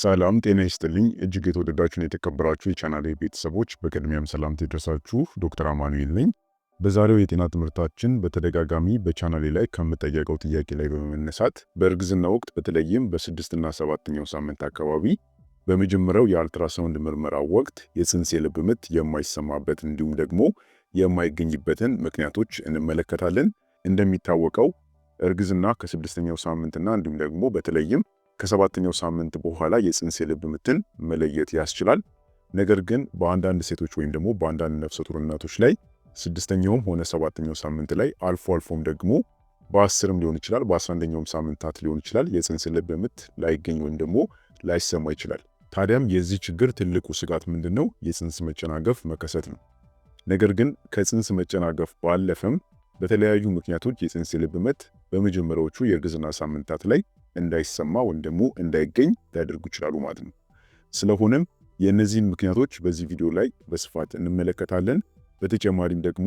ሰላም ጤና ይስጥልኝ እጅግ የተወደዳችሁን የተከበራችሁ የቻናሌ ቤተሰቦች፣ በቅድሚያም ሰላም ይድረሳችሁ። ዶክተር አማኑኤል ነኝ። በዛሬው የጤና ትምህርታችን በተደጋጋሚ በቻናሌ ላይ ከምጠየቀው ጥያቄ ላይ በመነሳት በእርግዝና ወቅት በተለይም በስድስትና ሰባተኛው ሳምንት አካባቢ በመጀመሪያው የአልትራሳውንድ ምርመራ ወቅት የፅንስ የልብ ምት የማይሰማበት እንዲሁም ደግሞ የማይገኝበትን ምክንያቶች እንመለከታለን። እንደሚታወቀው እርግዝና ከስድስተኛው ሳምንትና እንዲሁም ደግሞ በተለይም ከሰባተኛው ሳምንት በኋላ የጽንስ የልብ ምትን መለየት ያስችላል። ነገር ግን በአንዳንድ ሴቶች ወይም ደግሞ በአንዳንድ ነፍሰ ጡር እናቶች ላይ ስድስተኛውም ሆነ ሰባተኛው ሳምንት ላይ አልፎ አልፎም ደግሞ በአስርም ሊሆን ይችላል በአስራአንደኛውም ሳምንታት ሊሆን ይችላል የፅንስ ልብ ምት ላይገኝ ወይም ደግሞ ላይሰማ ይችላል። ታዲያም የዚህ ችግር ትልቁ ስጋት ምንድን ነው? የፅንስ መጨናገፍ መከሰት ነው። ነገር ግን ከፅንስ መጨናገፍ ባለፈም በተለያዩ ምክንያቶች የፅንስ ልብ ምት በመጀመሪያዎቹ የእርግዝና ሳምንታት ላይ እንዳይሰማ ወይም ደግሞ እንዳይገኝ ሊያደርጉ ይችላሉ ማለት ነው። ስለሆነም የእነዚህን ምክንያቶች በዚህ ቪዲዮ ላይ በስፋት እንመለከታለን። በተጨማሪም ደግሞ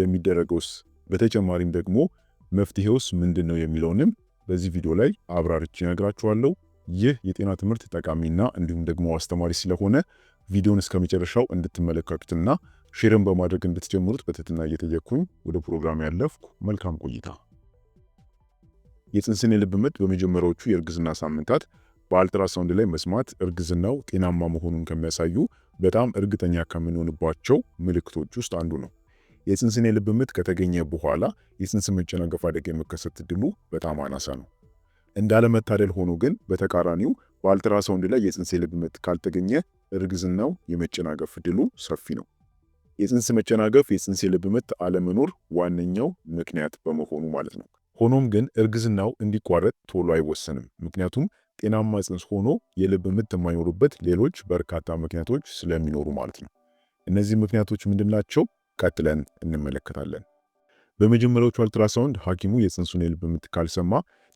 የሚደረገውስ በተጨማሪም ደግሞ መፍትሄውስ ምንድን ነው የሚለውንም በዚህ ቪዲዮ ላይ አብራርቼ እነግራችኋለሁ። ይህ የጤና ትምህርት ጠቃሚና እንዲሁም ደግሞ አስተማሪ ስለሆነ ቪዲዮን እስከ መጨረሻው እንድትመለከቱትና ሼርን በማድረግ እንድትጀምሩት በትህትና እየጠየቅኩኝ ወደ ፕሮግራም ያለፍኩ፣ መልካም ቆይታ የፅንስን የልብ ምት በመጀመሪያዎቹ የእርግዝና ሳምንታት በአልትራሳውንድ ላይ መስማት እርግዝናው ጤናማ መሆኑን ከሚያሳዩ በጣም እርግጠኛ ከምንሆንባቸው ምልክቶች ውስጥ አንዱ ነው። የፅንስን የልብ ምት ከተገኘ በኋላ የፅንስ መጨናገፍ አደጋ የመከሰት እድሉ በጣም አናሳ ነው። እንዳለመታደል ሆኖ ግን በተቃራኒው በአልትራሳውንድ ላይ የፅንስ የልብ ምት ካልተገኘ እርግዝናው የመጨናገፍ እድሉ ሰፊ ነው። የፅንስ መጨናገፍ የፅንስ የልብ ምት አለመኖር ዋነኛው ምክንያት በመሆኑ ማለት ነው። ሆኖም ግን እርግዝናው እንዲቋረጥ ቶሎ አይወሰንም። ምክንያቱም ጤናማ ጽንስ ሆኖ የልብ ምት የማይኖሩበት ሌሎች በርካታ ምክንያቶች ስለሚኖሩ ማለት ነው። እነዚህ ምክንያቶች ምንድናቸው? ቀጥለን እንመለከታለን። በመጀመሪያዎቹ አልትራሳውንድ ሐኪሙ የጽንሱን የልብ ምት ካልሰማ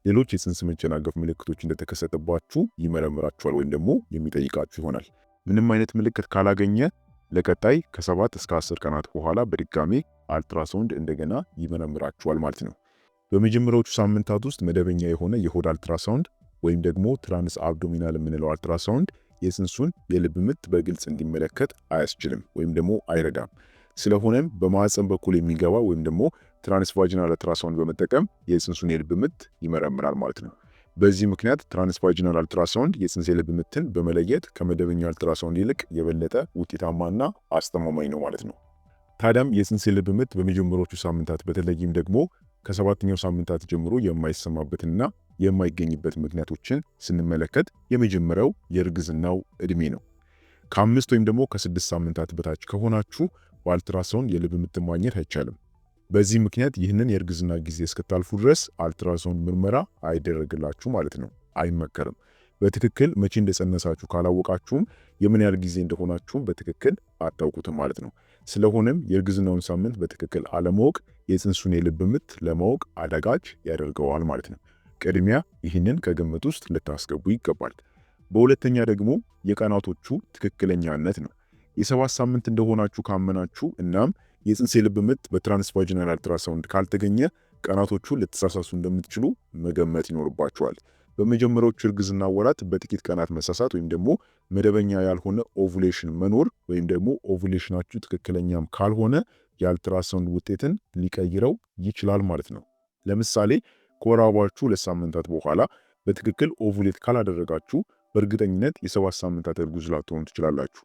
ሌሎች የጽንስ መጨናገፍ ምልክቶች እንደተከሰተባችሁ ይመረምራችኋል ወይም ደግሞ የሚጠይቃችሁ ይሆናል። ምንም አይነት ምልክት ካላገኘ ለቀጣይ ከሰባት እስከ አስር ቀናት በኋላ በድጋሜ አልትራሳውንድ እንደገና ይመረምራችኋል ማለት ነው። በመጀመሪያዎቹ ሳምንታት ውስጥ መደበኛ የሆነ የሆድ አልትራሳውንድ ወይም ደግሞ ትራንስ አብዶሚናል የምንለው አልትራሳውንድ የፅንሱን የልብ ምት በግልጽ እንዲመለከት አያስችልም ወይም ደግሞ አይረዳም። ስለሆነም በማህፀን በኩል የሚገባ ወይም ደግሞ ትራንስቫጂናል አልትራሳውንድ በመጠቀም የፅንሱን የልብ ምት ይመረምራል ማለት ነው። በዚህ ምክንያት ትራንስቫጂናል አልትራሳውንድ የፅንስ የልብ ምትን በመለየት ከመደበኛ አልትራሳውንድ ይልቅ የበለጠ ውጤታማና አስተማማኝ ነው ማለት ነው። ታዲያም የፅንስ የልብ ምት በመጀመሪያዎቹ ሳምንታት በተለይም ደግሞ ከሰባተኛው ሳምንታት ጀምሮ የማይሰማበትና የማይገኝበት ምክንያቶችን ስንመለከት የመጀመሪያው የእርግዝናው እድሜ ነው። ከአምስት ወይም ደግሞ ከስድስት ሳምንታት በታች ከሆናችሁ በአልትራሳውንድ የልብ ምት ማግኘት አይቻልም። በዚህ ምክንያት ይህንን የእርግዝና ጊዜ እስክታልፉ ድረስ አልትራሳውንድ ምርመራ አይደረግላችሁ ማለት ነው፣ አይመከርም። በትክክል መቼ እንደጸነሳችሁ ካላወቃችሁም የምን ያህል ጊዜ እንደሆናችሁም በትክክል አታውቁትም ማለት ነው። ስለሆነም የእርግዝናውን ሳምንት በትክክል አለማወቅ የፅንሱን የልብ ምት ለማወቅ አዳጋች ያደርገዋል ማለት ነው። ቅድሚያ ይህንን ከግምት ውስጥ ልታስገቡ ይገባል። በሁለተኛ ደግሞ የቀናቶቹ ትክክለኛነት ነው። የሰባት ሳምንት እንደሆናችሁ ካመናችሁ እናም የፅንስ የልብ ምት በትራንስቫጂናል አልትራሳውንድ ካልተገኘ ቀናቶቹ ልትሳሳሱ እንደምትችሉ መገመት ይኖርባችኋል። በመጀመሪያዎቹ እርግዝና ወራት በጥቂት ቀናት መሳሳት ወይም ደግሞ መደበኛ ያልሆነ ኦቭሌሽን መኖር ወይም ደግሞ ኦቭሌሽናችሁ ትክክለኛም ካልሆነ የአልትራሳውንድ ውጤትን ሊቀይረው ይችላል ማለት ነው። ለምሳሌ ከወራባችሁ ሁለት ሳምንታት በኋላ በትክክል ኦቭሌት ካላደረጋችሁ በእርግጠኝነት የሰባት ሳምንታት እርጉዝ ላትሆኑ ትችላላችሁ።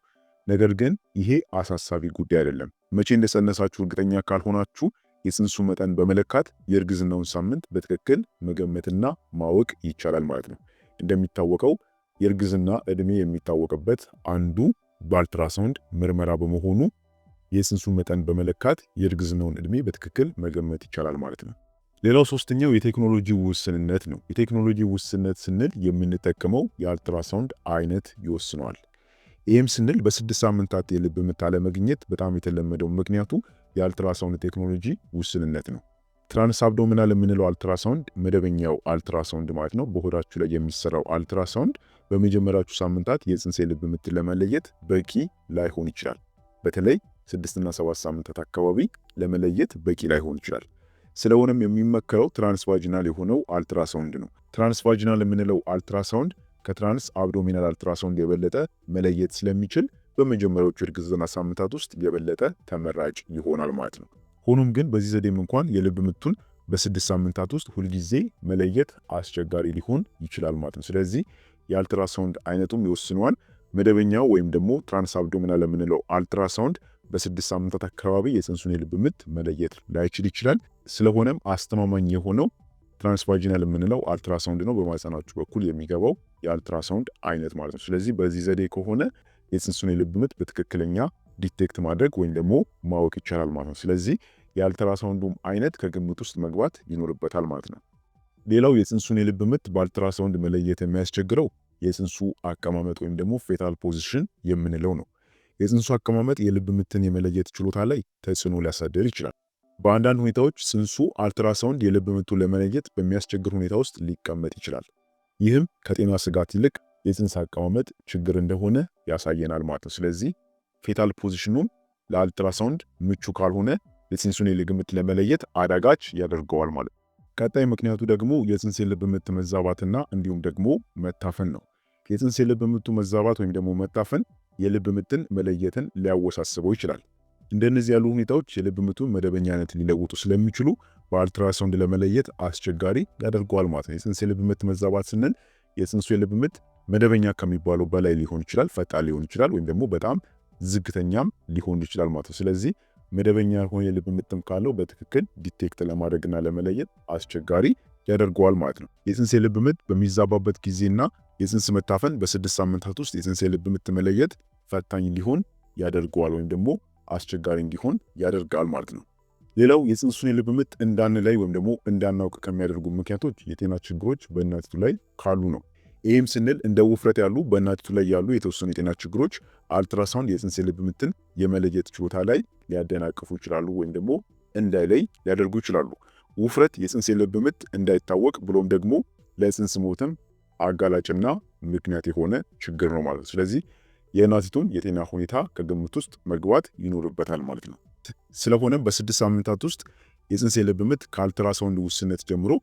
ነገር ግን ይሄ አሳሳቢ ጉዳይ አይደለም። መቼ እንደጸነሳችሁ እርግጠኛ ካልሆናችሁ የፅንሱ መጠን በመለካት የእርግዝናውን ሳምንት በትክክል መገመትና ማወቅ ይቻላል ማለት ነው። እንደሚታወቀው የእርግዝና እድሜ የሚታወቅበት አንዱ በአልትራሳውንድ ምርመራ በመሆኑ የፅንሱ መጠን በመለካት የእርግዝናውን እድሜ በትክክል መገመት ይቻላል ማለት ነው። ሌላው ሶስተኛው የቴክኖሎጂ ውስንነት ነው። የቴክኖሎጂ ውስንነት ስንል የምንጠቀመው የአልትራሳውንድ አይነት ይወስነዋል። ይህም ስንል በስድስት ሳምንታት የልብ ምት አለመግኘት በጣም የተለመደው ምክንያቱ የአልትራሳውንድ ቴክኖሎጂ ውስንነት ነው። ትራንስ አብዶሚናል የምንለው አልትራሳውንድ መደበኛው አልትራሳውንድ ማለት ነው። በሆዳችሁ ላይ የሚሰራው አልትራሳውንድ በመጀመሪያዎቹ ሳምንታት የጽንሴ ልብ ምት ለመለየት በቂ ላይሆን ይችላል። በተለይ ስድስትና ሰባት ሳምንታት አካባቢ ለመለየት በቂ ላይሆን ይችላል። ስለሆነም የሚመከረው ትራንስቫጂናል የሆነው አልትራሳውንድ ነው። ትራንስቫጂናል የምንለው አልትራሳውንድ ከትራንስ አብዶሚናል አልትራሳውንድ የበለጠ መለየት ስለሚችል በመጀመሪያዎቹ እርግዝና ዘና ሳምንታት ውስጥ የበለጠ ተመራጭ ይሆናል ማለት ነው። ሆኖም ግን በዚህ ዘዴም እንኳን የልብ ምቱን በስድስት ሳምንታት ውስጥ ሁልጊዜ መለየት አስቸጋሪ ሊሆን ይችላል ማለት ነው። ስለዚህ የአልትራሳውንድ አይነቱም ይወስነዋል። መደበኛው ወይም ደግሞ ትራንስአብዶሚናል የምንለው አልትራሳውንድ በስድስት ሳምንታት አካባቢ የፅንሱን የልብ ምት መለየት ላይችል ይችላል። ስለሆነም አስተማማኝ የሆነው ትራንስቫጂናል የምንለው አልትራሳውንድ ነው፣ በማህፀናችሁ በኩል የሚገባው የአልትራሳውንድ አይነት ማለት ነው። ስለዚህ በዚህ ዘዴ ከሆነ የፅንሱን የልብ ምት በትክክለኛ ዲቴክት ማድረግ ወይም ደግሞ ማወቅ ይቻላል ማለት ነው። ስለዚህ የአልትራሳውንዱም አይነት ከግምት ውስጥ መግባት ይኖርበታል ማለት ነው። ሌላው የፅንሱን የልብ ምት በአልትራሳውንድ መለየት የሚያስቸግረው የፅንሱ አቀማመጥ ወይም ደግሞ ፌታል ፖዚሽን የምንለው ነው። የፅንሱ አቀማመጥ የልብ ምትን የመለየት ችሎታ ላይ ተጽዕኖ ሊያሳድር ይችላል። በአንዳንድ ሁኔታዎች ፅንሱ አልትራሳውንድ የልብ ምቱን ለመለየት በሚያስቸግር ሁኔታ ውስጥ ሊቀመጥ ይችላል። ይህም ከጤና ስጋት ይልቅ የፅንስ አቀማመጥ ችግር እንደሆነ ያሳየናል ማለት ነው። ስለዚህ ፌታል ፖዚሽኑም ለአልትራሳውንድ ምቹ ካልሆነ የፅንሱን የልብ ምት ለመለየት አዳጋች ያደርገዋል ማለት ነው። ቀጣይ ምክንያቱ ደግሞ የፅንስ የልብ ምት መዛባትና እንዲሁም ደግሞ መታፈን ነው። የፅንስ የልብ ምቱ መዛባት ወይም ደግሞ መታፈን የልብ ምትን መለየትን ሊያወሳስበው ይችላል። እንደነዚህ ያሉ ሁኔታዎች የልብ ምቱን መደበኛነት ሊለውጡ ስለሚችሉ በአልትራሳውንድ ለመለየት አስቸጋሪ ያደርገዋል ማለት ነው። የፅንስ የልብ ምት መዛባት ስንል የፅንሱ የልብ ምት መደበኛ ከሚባለው በላይ ሊሆን ይችላል፣ ፈጣን ሊሆን ይችላል፣ ወይም ደግሞ በጣም ዝግተኛም ሊሆን ይችላል ማለት ነው። ስለዚህ መደበኛ የሆነ የልብ ምትም ካለው በትክክል ዲቴክት ለማድረግና ለመለየት አስቸጋሪ ያደርገዋል ማለት ነው። የጽንስ የልብ ምት በሚዛባበት ጊዜና የፅንስ መታፈን በስድስት ሳምንታት ውስጥ የፅንስ የልብ ምት መለየት ፈታኝ ሊሆን ያደርገዋል ወይም ደግሞ አስቸጋሪ እንዲሆን ያደርጋል ማለት ነው። ሌላው የፅንሱን የልብ ምት እንዳንለይ ወይም ደግሞ እንዳናውቅ ከሚያደርጉ ምክንያቶች የጤና ችግሮች በእናቲቱ ላይ ካሉ ነው። ይህም ስንል እንደ ውፍረት ያሉ በእናቲቱ ላይ ያሉ የተወሰኑ የጤና ችግሮች አልትራሳውንድ የፅንስ ልብ ምትን የመለየት ችሎታ ላይ ሊያደናቅፉ ይችላሉ ወይም ደግሞ እንዳይለይ ሊያደርጉ ይችላሉ። ውፍረት የፅንስ ልብ ምት እንዳይታወቅ ብሎም ደግሞ ለፅንስ ሞትም አጋላጭና ምክንያት የሆነ ችግር ነው ማለት ነው። ስለዚህ የእናቲቱን የጤና ሁኔታ ከግምት ውስጥ መግባት ይኖርበታል ማለት ነው። ስለሆነም በስድስት ሳምንታት ውስጥ የፅንስ ልብ ምት ከአልትራሳውንድ ውስንነት ጀምሮ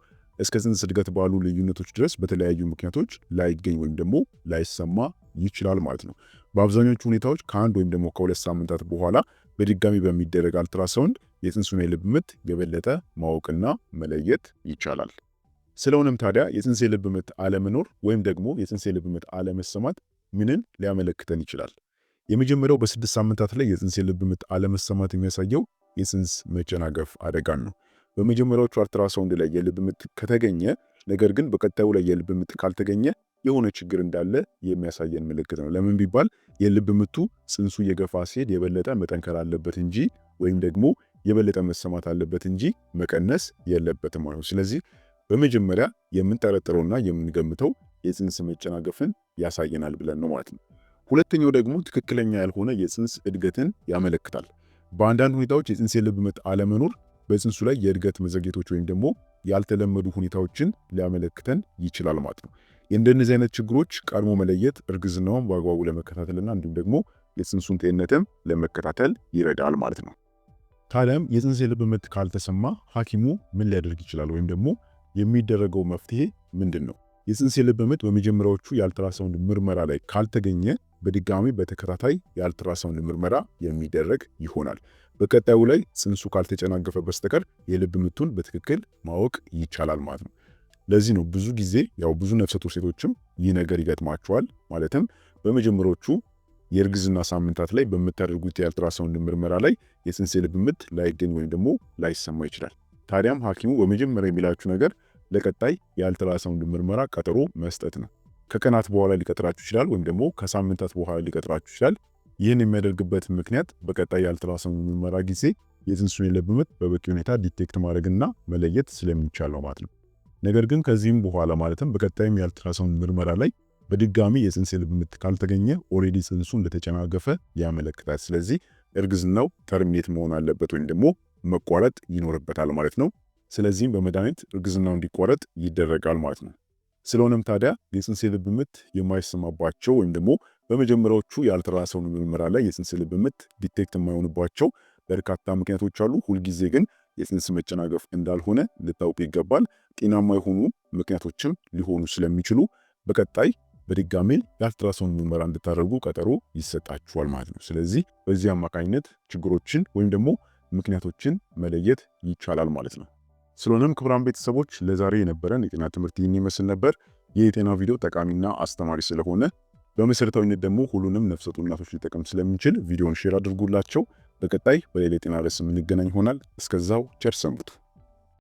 እስከ ጽንስ እድገት ባሉ ልዩነቶች ድረስ በተለያዩ ምክንያቶች ላይገኝ ወይም ደግሞ ላይሰማ ይችላል ማለት ነው። በአብዛኞቹ ሁኔታዎች ከአንድ ወይም ደግሞ ከሁለት ሳምንታት በኋላ በድጋሚ በሚደረግ አልትራሳውንድ የፅንሱን የልብ ምት የበለጠ ማወቅና መለየት ይቻላል። ስለሆነም ታዲያ የፅንስ የልብ ምት አለመኖር ወይም ደግሞ የፅንስ የልብ ምት አለመሰማት ምንን ሊያመለክተን ይችላል? የመጀመሪያው በስድስት ሳምንታት ላይ የፅንስ የልብ ምት አለመሰማት የሚያሳየው የፅንስ መጨናገፍ አደጋን ነው። በመጀመሪያዎቹ አልትራሳውንድ ላይ የልብ ምት ከተገኘ ነገር ግን በቀጣዩ ላይ የልብ ምት ካልተገኘ የሆነ ችግር እንዳለ የሚያሳየን ምልክት ነው። ለምን ቢባል የልብ ምቱ ጽንሱ እየገፋ ሲሄድ የበለጠ መጠንከር አለበት እንጂ ወይም ደግሞ የበለጠ መሰማት አለበት እንጂ መቀነስ የለበትም ማለት ነው። ስለዚህ በመጀመሪያ የምንጠረጥረውና የምንገምተው የጽንስ መጨናገፍን ያሳየናል ብለን ነው ማለት ነው። ሁለተኛው ደግሞ ትክክለኛ ያልሆነ የጽንስ እድገትን ያመለክታል። በአንዳንድ ሁኔታዎች የጽንስ የልብ ምት አለመኖር በጽንሱ ላይ የእድገት መዘግየቶች ወይም ደግሞ ያልተለመዱ ሁኔታዎችን ሊያመለክተን ይችላል ማለት ነው። የእንደነዚህ አይነት ችግሮች ቀድሞ መለየት እርግዝናውን በአግባቡ ለመከታተልና እንዲሁም ደግሞ የጽንሱን ጤንነትም ለመከታተል ይረዳል ማለት ነው። ታዲያም የጽንስ የልብ ምት ካልተሰማ ሐኪሙ ምን ሊያደርግ ይችላል? ወይም ደግሞ የሚደረገው መፍትሄ ምንድን ነው? የጽንስ የልብ ምት በመጀመሪያዎቹ የአልትራሳውንድ ምርመራ ላይ ካልተገኘ በድጋሚ በተከታታይ የአልትራሳውንድ ምርመራ የሚደረግ ይሆናል። በቀጣዩ ላይ ጽንሱ ካልተጨናገፈ በስተቀር የልብ ምቱን በትክክል ማወቅ ይቻላል ማለት ነው። ለዚህ ነው ብዙ ጊዜ ያው ብዙ ነፍሰጡር ሴቶችም ይህ ነገር ይገጥማቸዋል። ማለትም በመጀመሪያዎቹ የእርግዝና ሳምንታት ላይ በምታደርጉት የአልትራሳውንድ ምርመራ ላይ የፅንስ የልብ ምት ላይገኝ ወይም ደግሞ ላይሰማ ይችላል። ታዲያም ሐኪሙ በመጀመሪያ የሚላችሁ ነገር ለቀጣይ የአልትራሳውንድ ምርመራ ቀጠሮ መስጠት ነው። ከቀናት በኋላ ሊቀጥራችሁ ይችላል፣ ወይም ደግሞ ከሳምንታት በኋላ ሊቀጥራችሁ ይችላል። ይህን የሚያደርግበት ምክንያት በቀጣይ ያልትራሳውንድ ምርመራ ጊዜ የፅንሱን የልብ ምት በበቂ ሁኔታ ዲቴክት ማድረግና መለየት ስለሚቻል ነው ማለት ነው። ነገር ግን ከዚህም በኋላ ማለትም በቀጣይም የአልትራሳውንድ ምርመራ ላይ በድጋሚ የፅንስ የልብ ምት ካልተገኘ ኦልሬዲ ፅንሱ እንደተጨናገፈ ያመለክታል። ስለዚህ እርግዝናው ተርሚኔት መሆን አለበት ወይም ደግሞ መቋረጥ ይኖርበታል ማለት ነው። ስለዚህም በመድኃኒት እርግዝናው እንዲቋረጥ ይደረጋል ማለት ነው። ስለሆነም ታዲያ የፅንስ የልብ ምት የማይሰማባቸው ወይም ደግሞ በመጀመሪያዎቹ የአልትራሳውን ምርመራ ላይ የፅንስ የልብ ምት ዲቴክት የማይሆንባቸው በርካታ ምክንያቶች አሉ። ሁልጊዜ ግን የፅንስ መጨናገፍ እንዳልሆነ ልታውቅ ይገባል። ጤናማ የሆኑ ምክንያቶችም ሊሆኑ ስለሚችሉ በቀጣይ በድጋሜ የአልትራሳውን ምርመራ እንድታደርጉ ቀጠሮ ይሰጣችኋል ማለት ነው። ስለዚህ በዚህ አማካኝነት ችግሮችን ወይም ደግሞ ምክንያቶችን መለየት ይቻላል ማለት ነው። ስለሆነም ክቡራን ቤተሰቦች ለዛሬ የነበረን የጤና ትምህርት ይህን ይመስል ነበር። ይህ የጤና ቪዲዮ ጠቃሚና አስተማሪ ስለሆነ በመሰረታዊነት ደግሞ ሁሉንም ነፍሰጡ እናቶች ሊጠቅም ስለሚችል ቪዲዮን ሼር አድርጉላቸው። በቀጣይ በሌላ የጤና ርዕስ የምንገናኝ ይሆናል። እስከዛው ቸር ሰንብቱ።